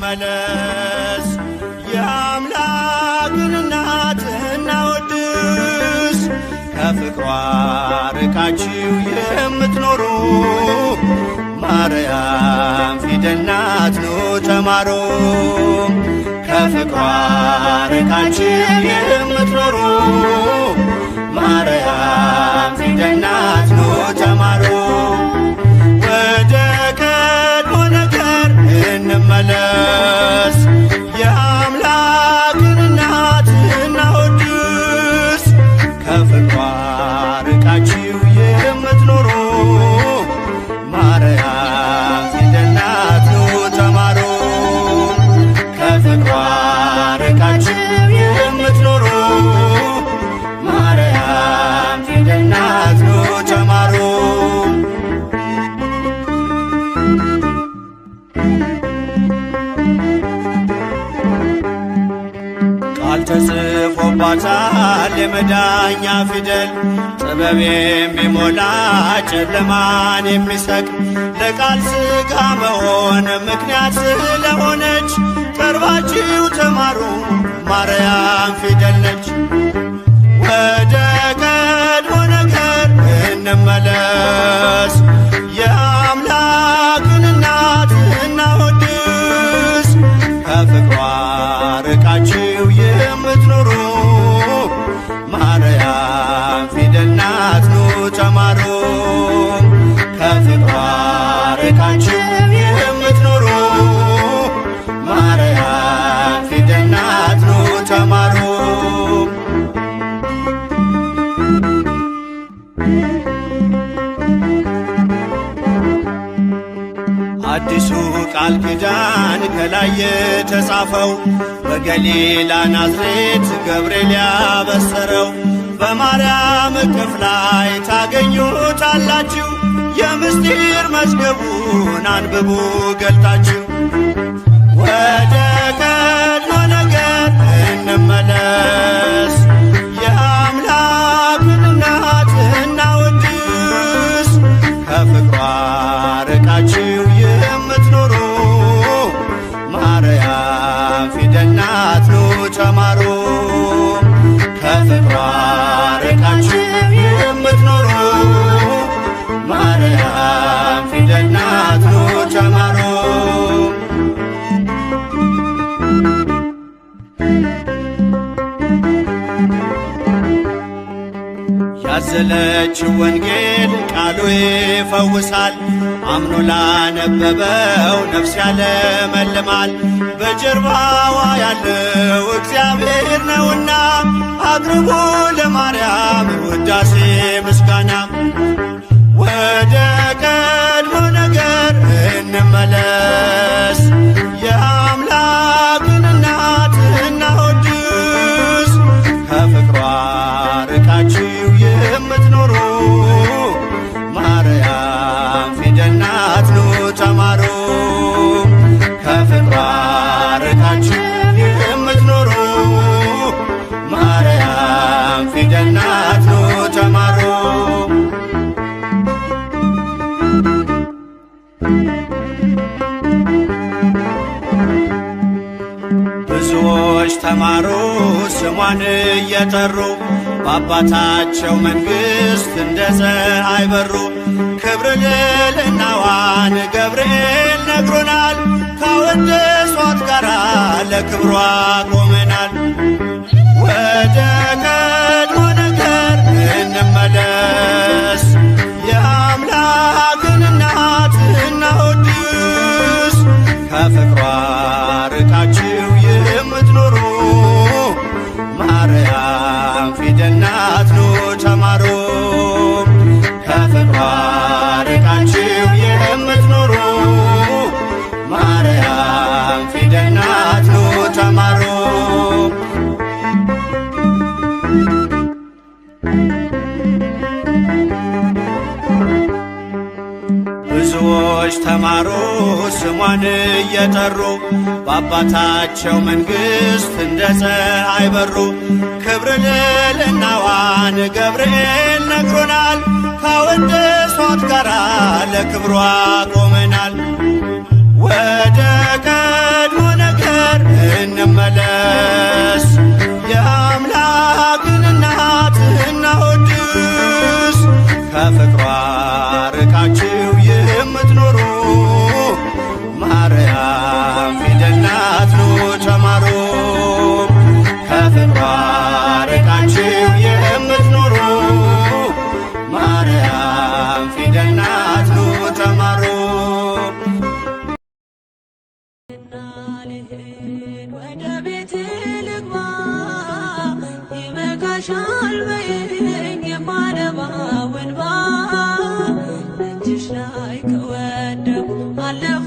እንመለስ የአምላክን እናት እናወድስ ከፍቅሯ ርቃችሁ የምትኖሩ ማርያም ፊደናት ኑ ተማሩ ከፍቅሯ ርቃችሁ የምትኖሩ ማርያም ፊደናት ኑ ተማሩ መለስ መዳኛ ፊደል ጥበብ የሚሞላ ጨለማን የሚሰቅ ለቃል ሥጋ መሆን ምክንያት ስለሆነች ቀርባችሁ ተማሩ ማርያም ፊደል ነች። ወደ ከላይ የተጻፈው በገሊላ ናዝሬት ገብርኤል ያበሰረው በማርያም እቅፍ ላይ ታገኙታላችሁ። የምስጢር መዝገቡን አንብቡ ገልጣችሁ ወደ ቀድሞ ነገር እንመለስ። ያዘለች ወንጌል ቃሉ ይፈውሳል። አምኖ ላነበበው ነፍስ ያለመልማል። በጀርባዋ ያለው እግዚአብሔር ነውና አቅርቦ ለማርያም ውዳሴ ምስጋና። ወደ ቀድሞ ነገር እንመለስ በታቸው መንግሥት እንደ ፀሐይ በሩ ክብር ልዕልናዋን ገብርኤል ነግሮናል። ካወደሷት ጋር ለክብሯ ቆመናል። ወደ ቀድሞ ነገር እንመለስ። የአምላክን እናት እናወድስ ከፍቅሯ እየተማሩ ስሟን እየጠሩ በአባታቸው መንግሥት እንደ ፀሐይ በሩ። ክብር ልዕልናዋን ገብርኤል ነግሮናል። ከወንድሷት ጋራ ለክብሯ ቆመናል። ወደ ቀድሞ ነገር እንመለ ላይ ከወደቁ አለፉ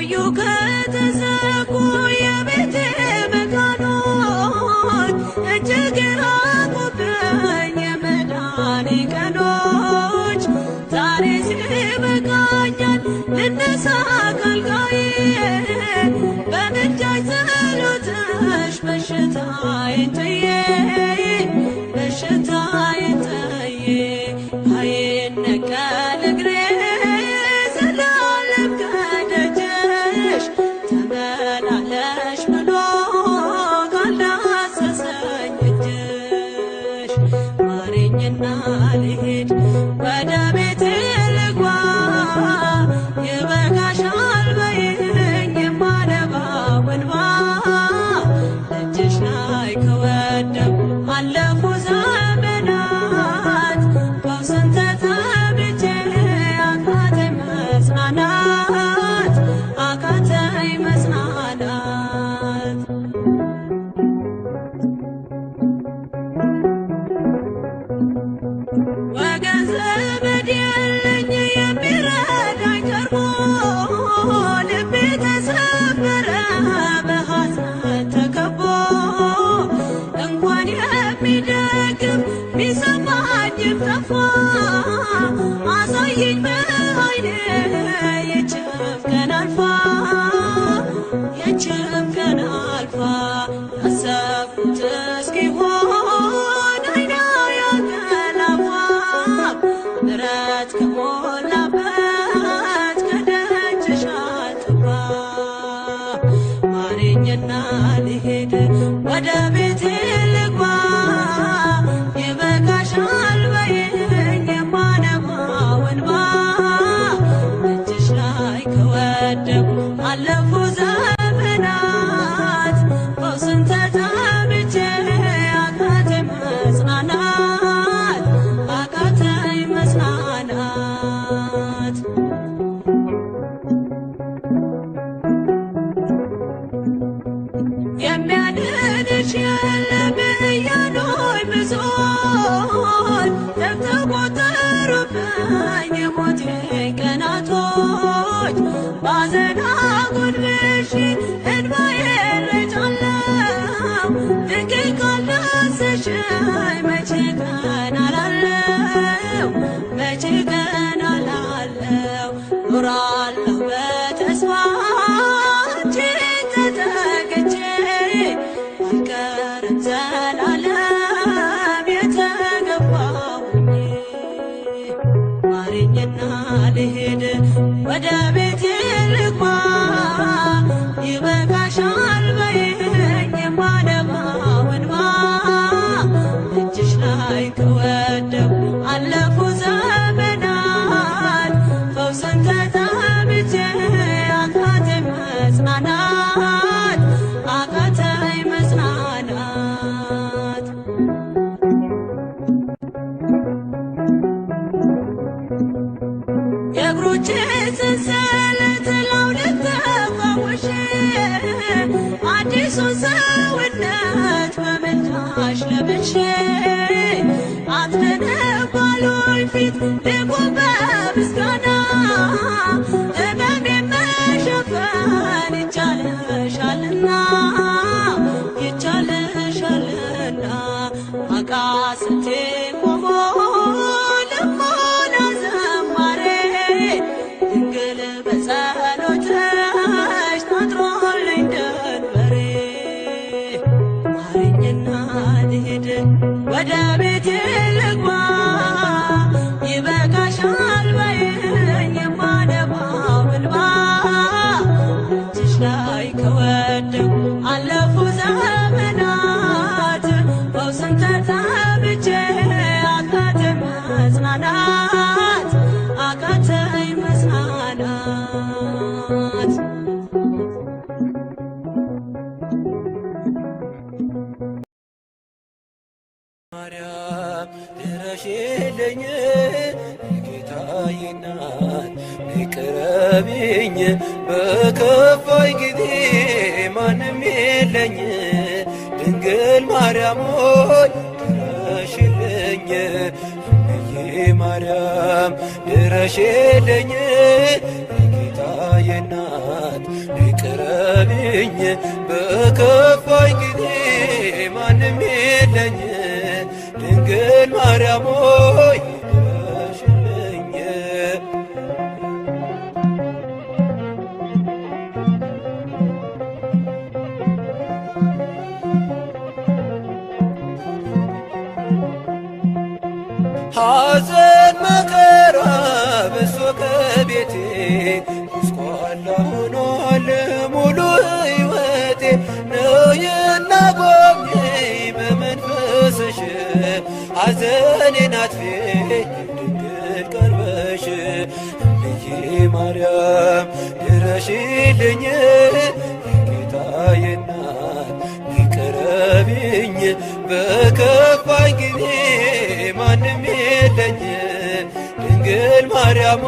ቆዩ ከተዘጉ የቤቴ መካኖች እጅግ የራቁብኝ የመዳኔ ቀኖች ዛሬ ሲበቃኛል ልነሳ ከአልጋዬ በምልጃሽ ጸሎትሽ በሽታዬን ትዬ King. ለብቼ አትነደ አሸለኝ የጌታዬ እናት ቅረብኝ በከፋኝ ጊዜ ማንም የለኝ ድንግል ማርያም ሆይ ሐዘን መከ ፊት ድንግል ቀርበሽ እምዬ ማርያም ድረሽልኝ የጌታዬ እናት ይቅረብኝ በከፋኝ ጊዜ ማንም የለኝ ድንግል ማርያሞ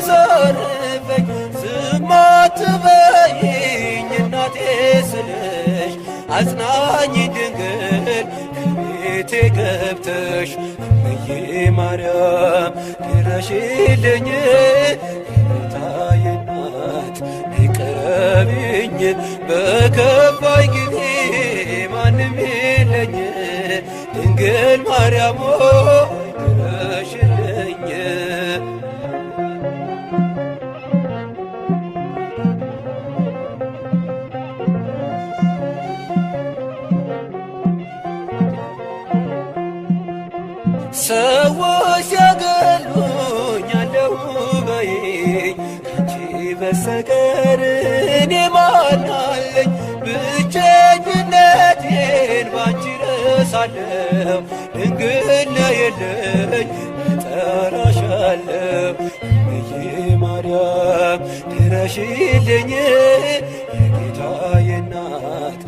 አሳርፈኝ ዝም አትበይኝ እናቴ ስልሽ አጽናኝ ድንግል ከቤቴ ገብተሽ እምዬ ማርያም ድረሽልኝ ታየናት ይቅረብኝ በከባይ ጊዜ ማንም የለኝ ድንግል ማርያም ፍቅር እኔ ማናለኝ ብቸኝነቴን ባንቺ ረሳለሁ። ድንግል የለኝ እጠራሻለሁ እምዬ ማርያም ድረሽልኝ የጌታዬ እናት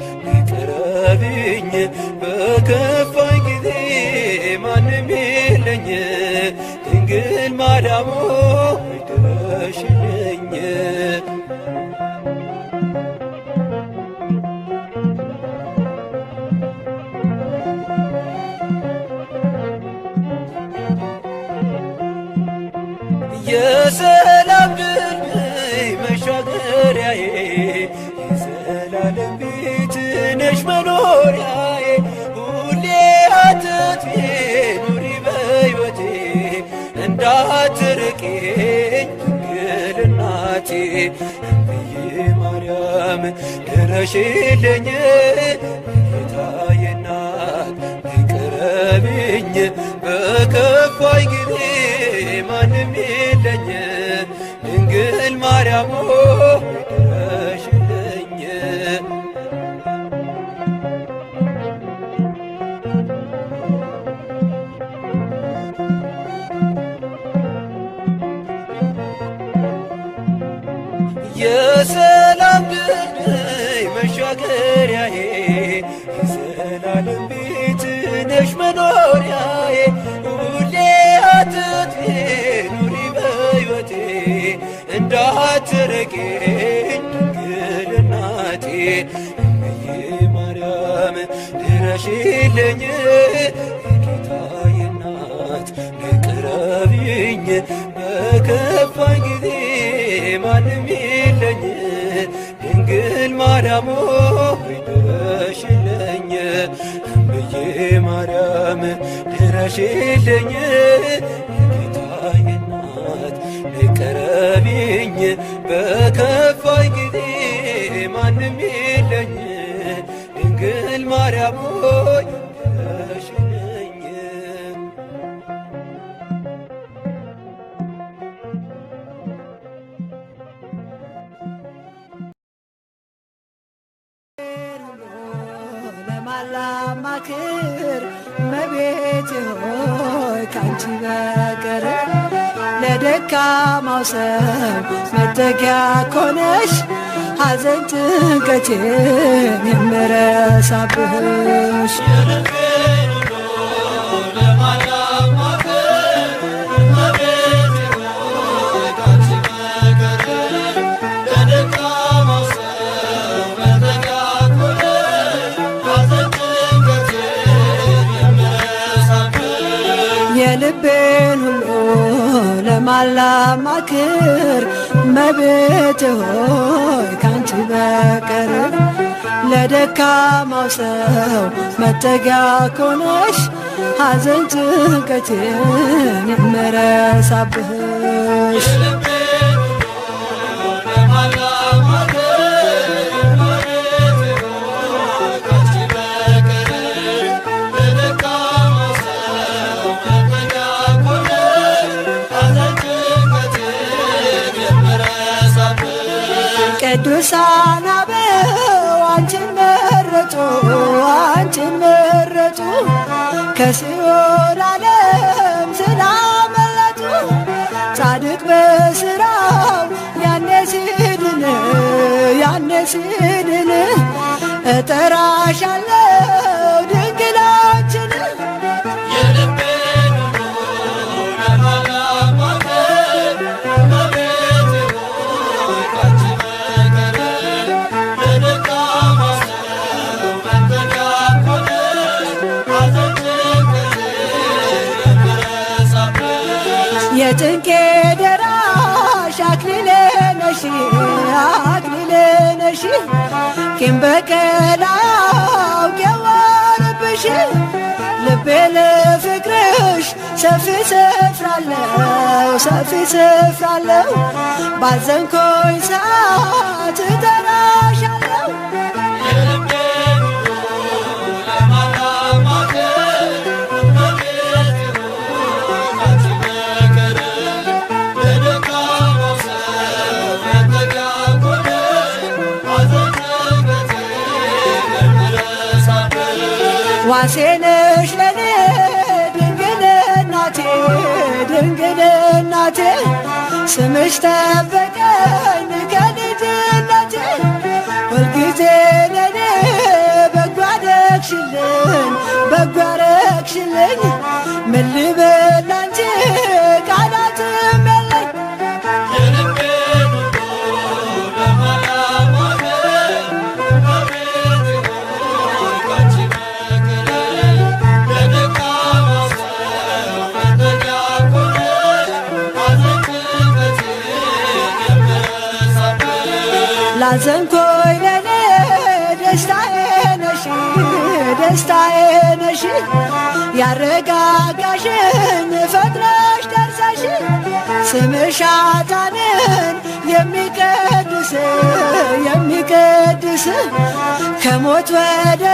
ቅረቢኝ በከፋኝ ጊዜ ማንም የለኝ ድንግል ማዳሞ ሽልኝ ሰላም ድረሽልኝ እኔታዬ ይቅረብኝ በከፋይ ጊዜ ማንም የለኝ ድንግል ማርያም ዘላለም ቤት ነሽ መኖሪያዬ ሁሌ አትጥፊ ኑሪ በሕይወቴ እንዳትርቂኝ ድንግል እናቴ እመዬ ማርያም ድረሽልኝ የጌታዬ እናት ንቅረብኝ በከፋኝ ጊዜ ማንም የለኝ ድንግል ማርያሞ እምዬ ማርያም ድረሽልኝ፣ የጌታዬ እናት ቅረቢኝ። በከፋይ ጊዜ ማንም የለኝ ድንግል ማርያም ለሌላው መጠጊያ ኮነሽ ሐዘን ጭንቀቴን የምረሳብሽ ማላማክር መቤት ሆይ ካንቺ በቀር ለደካማው ሰው መጠጊያ ኮነሽ ሐዘን ጭንቀቴን የምረሳብሽ ቅዱሳን አበው አንቺን መረጡ አንቺን መረጡ ከሲኦል ዓለም ስላመለጡ ጻድቅ በስራው ያኔ ሲድን ያኔ ሲድን እጠራሻለሁ ነሽ አክሊሌ ነሽ ቂም በቀል አውቄዋለብሽ ልቤ ለፍቅርሽ ሰፊ ስፍራለው ሰፊ ስፍራለው ባዘንኮኝ ሰዓት እጠራሻለው ራሴ ነሽ ለኔ ድንግል እናቴ ድንግል እናቴ ስምሽ ጠበቀኝ ከልጅነቴ ሁልጊዜ ለኔ በጎ አደረግሽልኝ በጎ አደረግሽልኝ ምን ልበል አዘንኮይ ለኔ ደስታዬ ነሽ ደስታዬ ነሽ ያረጋጋሽኝ ፈጥነሽ ደርሰሽ ስምሽ አጣንን የሚቀድስ የሚቀድስ ከሞት ወደ